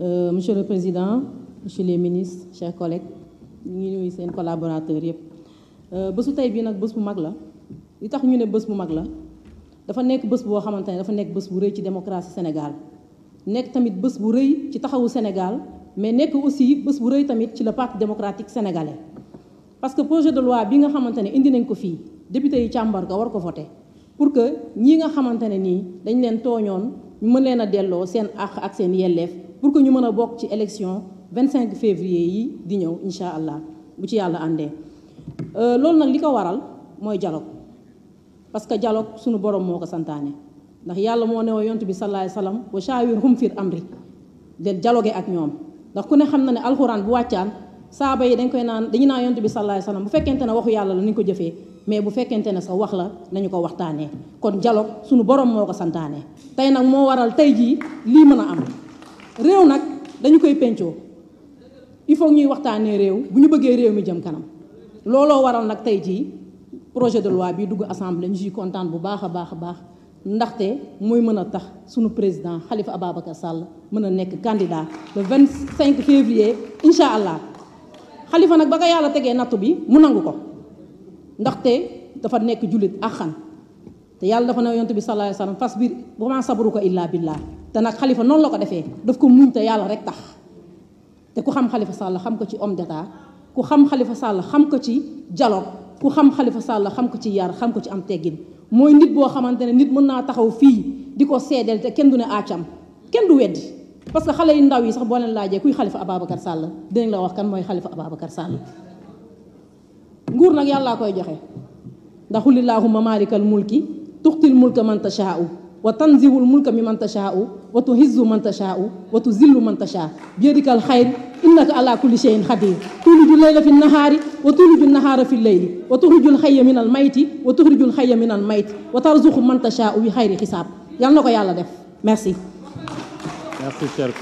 Euh, monsieur le président monsieur les ministres chers collègues ñu ngi nuyu seen collaborateurs yëpp euh, bésu tey bii nag bés bu mag la li tax ñu ne bés bu mag la dafa nekk bés boo xamante ne dafa nekk bés bu rëy ci démocratie Sénégal nekk tamit bés bu rëy ci taxawu Sénégal mais nekk aussi bés bu rëy tamit ci le parti démocratique sénégalais. parce que projet de loi bi nga xamante ne indi nañ ko fii député yi càmbar ko war ko voté pour que ñii nga xamante ne nii dañ leen tooñoon ñu mën leen a delloo seen àq ak seen yelleef. pour que ñu mën a bokk ci vingt cinq février yi di ñëw incha allah bu ci yàlla àndee euh, loolu nag li ko waral mooy dialogue parce que dialogue suñu borom moo ko santaane ndax yàlla moo ne woon yontu bi sallallahu alayhi wasallam wa shawirhum fil amri de dialoguer ak ñoom ndax ku ne xam na ne alxuraan bu wàccaan saaba yi dañ koy naan dañu naan yontu bi sallallahu alayhi bu fekkente ne waxu yàlla la nañu ko jëfee mais bu fekkente ne sa wax la nañu ko waxtaanee kon dialogue suñu borom moo ko santaane tey nag moo waral tey jii lii mën a am réew nag dañu koy pencoo il faut ñuy waxtaanee réew bu ñu bëggee réew mi jëm kanam looloo waral nag tey jii projet de loi bi dugg assemblée ñu ciy kontaan bu baax a baax a baax ndaxte mooy mën a tax sunu président xalifa Ababacar Sall mën a nekk candidat le 25 février incha allah xalifa nag ba ko yàlla tegee nattu bi mu nangu ko ndaxte dafa nekk jullit axan te yàlla dafa ne yonent bi sallallahu alayhi wa sallam fas biir wa maa sabruka illaa billaah te nag xalifa noonu la ko defee daf ko muñ te yàlla rek tax te ku xam xalifa Sall xam ko ci homme d'état ku xam xalifa Sall xam ko ci dialogue ku xam xalifa Sall xam ko ci yar xam ko ci am teggin mooy nit boo xamante ne nit mën naa taxaw fii di ko seedeel te kenn du ne aacam kenn du weddi parce que xale yu ndaw yi sax boo leen laajee kuy xalifa Ababacar Sall dinañ la wax kan mooy xalifa Ababacar Sall nguur nag yàllaa koy joxe ndax xulillahumma tuxtil mulka man tashaau wa tanziwul mulka mi man tashaau wa tuhizzu man tashaau wa tuzillu man tashaa biyadika alxayr innaka ala kulli shay'in xadir tuliju leyla fi nahaari wa tuliju nahaara fi leyli wa tuxriju lxaya min almayti wa tuxriju lxaya min almayti wa tarzuqu ko yàlla def merci merci chers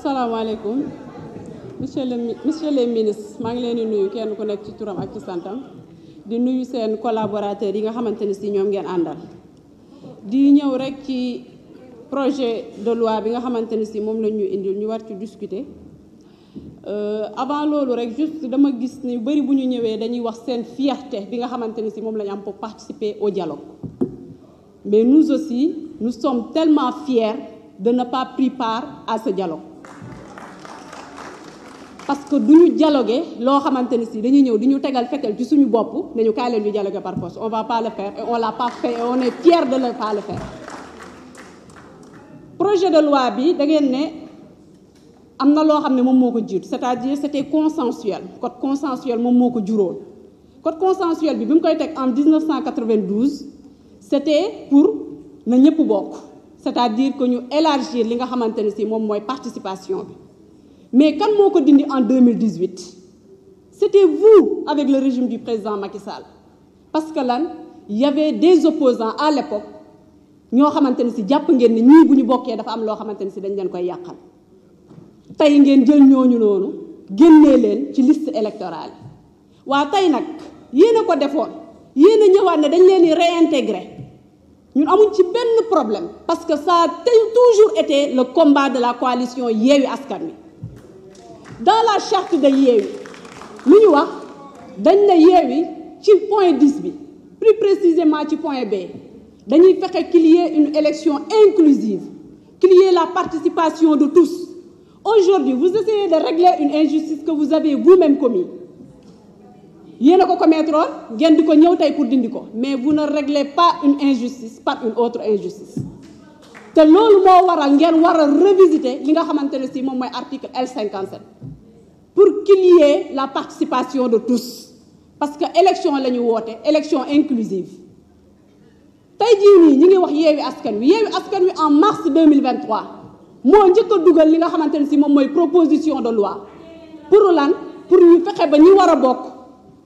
asalaamaaleykum monsieur le monsieur le ministre maa ngi leen di nuyu kenn ku nekk ci turam ak ci santam di nuyu seen collaborateurs yi nga xamante ni si ñoom ngeen àndal di ñëw rek ci projet de loi bi nga xamante ni si moom la ñu indil ñu war ci discuter euh, avant loolu rek juste dama gis ni bëri bu ñu ñëwee dañuy wax seen fierté bi nga xamante ni si moom lañu am pour participer au jalo mais nous aussi nous sommes tellement fiers de ne pas pris part à ce dialogue parce que du ñu jaloge loo xamante ni si dañuy ñëw di ñu tegal fekkal ci suñu bopp dañu kaay leen ñu par force on va pas le faire et on l'a pas fait et on est fier de ne pas le faire projet de loi bi da ngeen ne am na loo xam ne moom moo ko jiitu c'est-à-dire c'était consensuel code consensuel moom moo ko juróon code consensuel bi bi mu koy teg en 1992 c'était pour na ñëpp bokk c'est-à-dire que ñu élargir li nga xamante ne si moom mooy participation bi mais kan moo ko dindi en 2018 c'était vous avec le régime du président Macky Sall parce que lan y avait des opposants à l'époque ñoo xamante ne si jàpp ngeen ne bu ñu bokkee dafa am loo xamante ne si dañ leen koy yàqal tey ngeen jël ñooñu noonu génnee leen ci liste électoral yi waa tey nag yéen ko defoon yéen a ñëwaat ne dañ leen di réintégrer ñun amuñ ci benn problème parce que sa a toujours été le combat de la coalition Yewwi Askan Wi dans la charte de Yewwi lu ñu wax dañ ne Yewwi ci point 10 bi plus précisément ci point B dañuy fexe qu'il y ait une élection inclusive qu'il y ait la participation de tous aujourd'hui vous essayez de régler une injustice que vous avez vous-même commise yéen a ko commettre ngeen di ko ñëw tey pour dindi ko mais vous ne réglez pas une injustice par une autre injustice te loolu moo waral ngeen war a revisiter li nga xamante ne si moom mooy article L57 pour qu'il y ait la participation de tous parce que élection la ñu woote élection inclusive tey jii nii ñi ngi wax yeewi askan wi yeewi askan wi en mars 2023 moo njëkk a dugal li nga xamante ne si moom mooy proposition de loi pour lan pour ñu fexe ba ñi war a bokk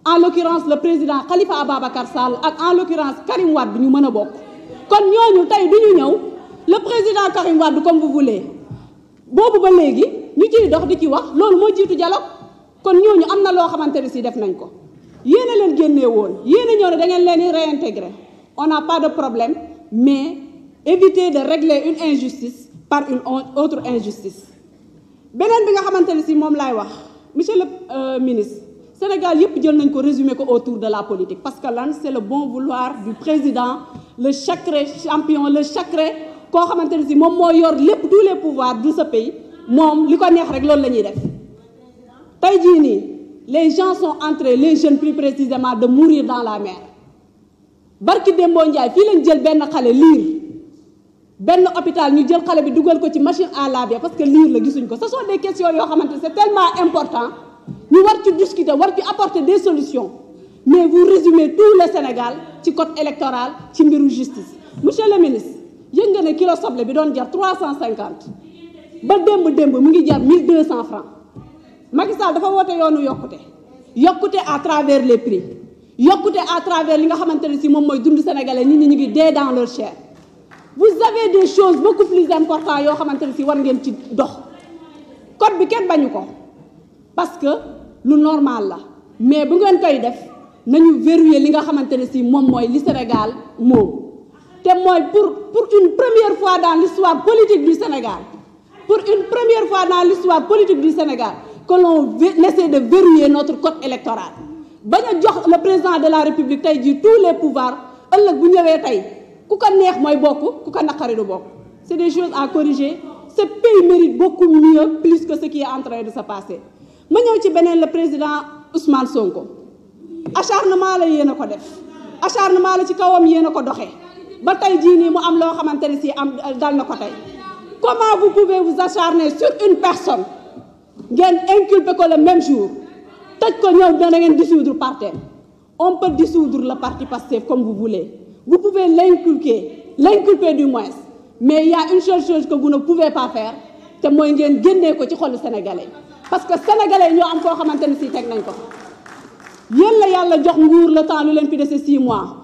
en l'occurrence la président Khalifa Ababacar Sall ak en l'occurrence Karim Wade ñu mën a bokk kon ñooñu tey du ñu ñëw le président Karim Wade comme vous voulez boobu ba léegi ñu ciy dox di ci wax loolu moo jiitu dialogue kon ñooñu am na loo xamante ne si def nañ ko yéen leen génnee woon yéen a ne da ngeen leen di réintégrer on n'a pas de problème mais éviter de régler une injustice par une autre injustice. beneen bi nga xamante ne si moom laay wax monsieur le euh, ministre Sénégal yëpp jël nañ ko résumer ko autour de la politique parce que lan c'est le bon vouloir du président le sacré champion le sacré. koo xamante ne si moom moo yor lépp tous les pouvoirs sa ce moom li ko neex rek loolu la ñuy def tey jii nii les gens sont entrés les jeunes plus précisément de mourir dans la mer barki Dembo Ndiaye fii lañ jël benn xale liir benn hôpital ñu jël xale bi dugal ko ci machine à laver parce que liir la gisuñ ko ce sont des questions yoo xamante c'est tellement important ñu war ci discuter war ci apporter des solutions mais vous résumez tout le Sénégal ci code électoral ci mbiru justice monsieur le ministre yëg nga ne kilo soble bi doon jar trois cent cinquante ba démb démb mu ngi jar mille deux cent francs Macky Sall dafa woote yoonu yokkute yokkute à travers les prix yokkute à travers li nga xamante ne si moom mooy dund sénégalais nit ñi ñu ngi dee dans leur chair vous avez des choses beaucoup plus importantes yoo xamante ne si war ngeen ci dox code bi kenn bañu ko parce que lu normal la mais bu ngeen koy def nañu verrouiller li nga xamante ne si moom mooy li Sénégal moom te mooy pour pour une première fois dans l'histoire politique du Sénégal pour une première fois dans l'histoire politique du Sénégal que l'on essaie de verrouiller notre code électoral ba a jox le président de la République tey jii tous les pouvoirs ëllëg bu ñëwee tey ku ko neex mooy bokk ku ko naqari du bokk c'est des choses à corriger ce pays mérite beaucoup mieux plus que ce qui est de se passer ma ñëw ci beneen le président Ousmane Sonko acharnement yéen a ko def acharnement la ci kawam yéen a ko doxee ba tey jii nii mu am loo xamante ne si am dal na ko tey comment vous pouvez vous acharner sur une personne ngeen inculper ko le même jour tëj ko ñëw dana ngeen dissoudre parti on peut dissoudre le parti Pastef comme vous voulez vous pouvez l'inculquer l'inculper du moins mais il y a une seule chose que vous ne pouvez pas te mooy ngeen génnee ko ci xolu sénégalais parce que sénégalais ñoo am koo xamante ne si teg nañ ko yéen la yàlla jox nguur le temps lu leen fi dese six mois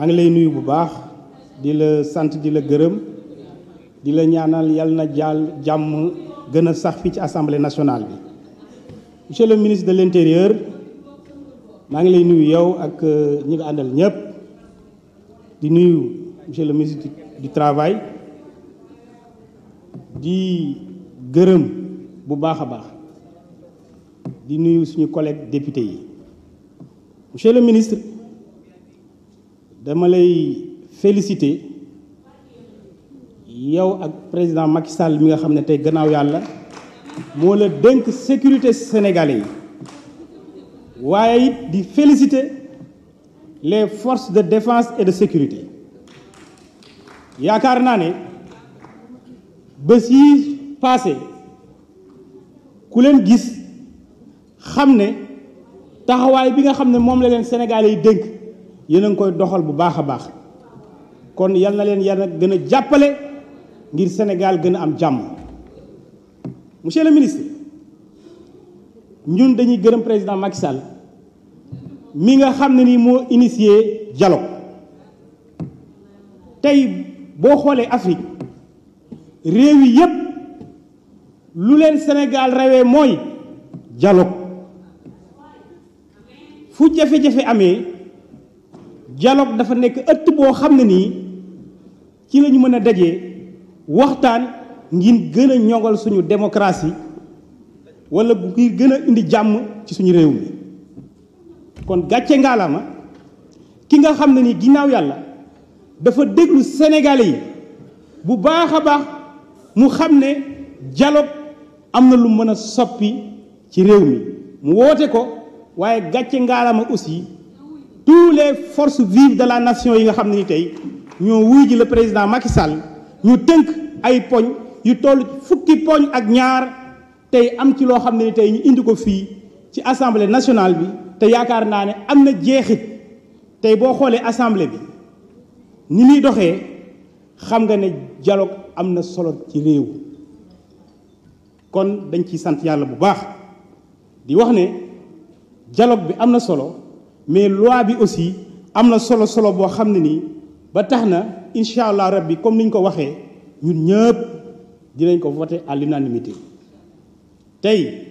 maa ngi lay nuyu bu baax di la sant di la gërëm di la ñaanal yal na jàll jàmm gën a sax fii ci assemblée nationale bi monsieur le ministre de l'intérieur maa ngi lay nuyu yow ak euh, ñi nga àndal ñëpp di nuyu monsieur le ministre du travail di gërëm bu baax a baax di nuyu suñu collègue député yi monsieur le ministre dama lay féliciter yow ak président Macky Sall mi nga xam ne tey gannaaw yàlla moo la dénk sécurité sénégalais yi waaye it di félicité les forces de défence et de sécurité yaakaar naa ne bés yi passé ku leen gis xam ne taxawaay bi nga xam ne moom la leen sénégalais yi dénk yéen a ngi koy doxal bu baax a baax kon yal na leen yàlla gën a jàppale ngir Sénégal gën a am jàmm monsieur le ministre ñun dañuy gërëm président Macky Sall mi nga xam ne ni moo initié dialogue tey boo xoolee Afrique réew yi yépp lu leen Sénégal rawee mooy dialogue fu jafe-jafe amee dialogue dafa nekk ëtt boo xam ne nii ci lañu mën a dajee waxtaan ngir gën a ñoŋal suñu démocratie wala ngir gën a indi jàmm ci suñu réew mi kon gàcce ngaalaama ki nga xam ne nii ginnaaw yàlla dafa déglu Sénégalais yi bu baax a baax mu xam ne dialogue am na lu mën a soppi ci réew mi mu woote ko waaye gàcce ngaalaama aussi tous les forces vives de la nation yi nga xam ne ni tey ñoo wuy ji le président Macky Sall ñu tënk ay poñ yu toll fukki poñ ak ñaar tey am ci loo xam ne ni tey ñu indi ko fii ci assemblée nationale bi te yaakaar naa ne am na jeexit tey boo xoolee assemblée bi ñi muy doxee xam nga ne dialogue am na solo ci réew kon dañ ciy sant yàlla bu baax di wax ne dialogue bi am na solo mais loi bi aussi am na solo solo boo xam ne nii ba tax na incha allah rabbi comme ni ñu ko waxee ñun ñëpp dinañ ko voté à l'unanimité tey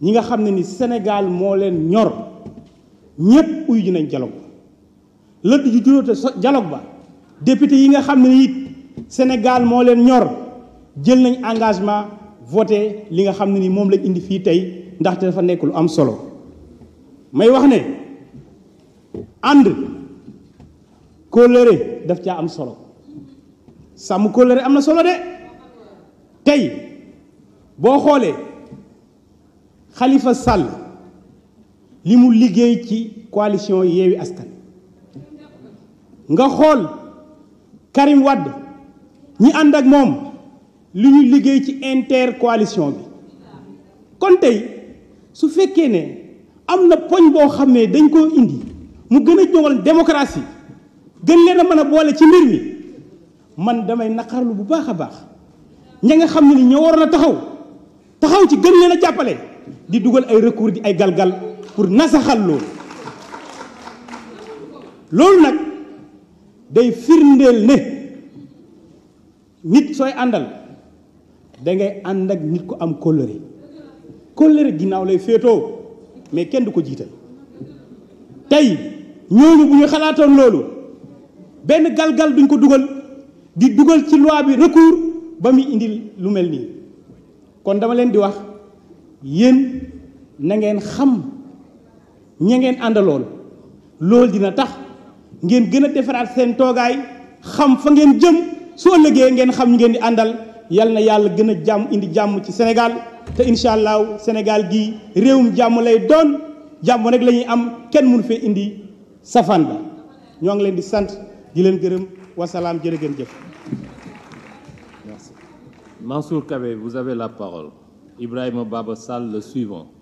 ñi nga xam ne ni Sénégal moo leen ñor ñëpp uyu dinañ dialogue ba lëdd ju juróote so dialogue ba député yi nga xam ne ni Sénégal moo leen ñor jël nañ engagement voté li nga xam ne nii moom lañ indi fii tey ndaxte dafa nekkul am solo may wax ne ànd kóllëre daf caa am solo sàmm kóllëre am na solo de tey boo xoolee xalifa sàll li mu liggéey ci coalition Yewwi Askan nga xool Karim wadd ñi ànd ak moom li ñu liggéey ci intercoalition bi kon tey su fekkee ne am na poñ boo xam ne dañ koo indi mu gën a jogal démocratie gën leen a mën a boole ci mbir mi man damay naqarlu bu baax a baax ña nga xam ne ñoo waroon a taxaw taxaw ci gën leen a jàppale di dugal ay recours di ay galgal pour nasaxal loolu loolu nag day firndeel ne nit sooy àndal da ngay ànd ak nit ku am kóllëre kóllëre ginnaaw lay féetoo mais kenn du ko jiital tey ñooñu bu ñu xalaatoon loolu benn galgal duñ ko dugal di dugal ci loi bi recours ba muy indil lu mel nii kon dama leen di wax yéen na ngeen xam ña ngeen àndaloon loolu dina tax ngeen gën a defaraat seen toogaay xam fa ngeen jëm soo ëllëgee ngeen xam ñu ngeen di àndal yal na yàlla gën a jàmm indi jàmm ci Sénégal te incha allahu Sénégal gi réewum jàmm lay doon jàmm rek la am kenn munu fee indi safaan ba ñoo ngi leen di sant di leen gërëm wasalaam jërë ngeen jëf merci Mansour Kabé vous avez la parole Ibrahima Baba Sall le suivant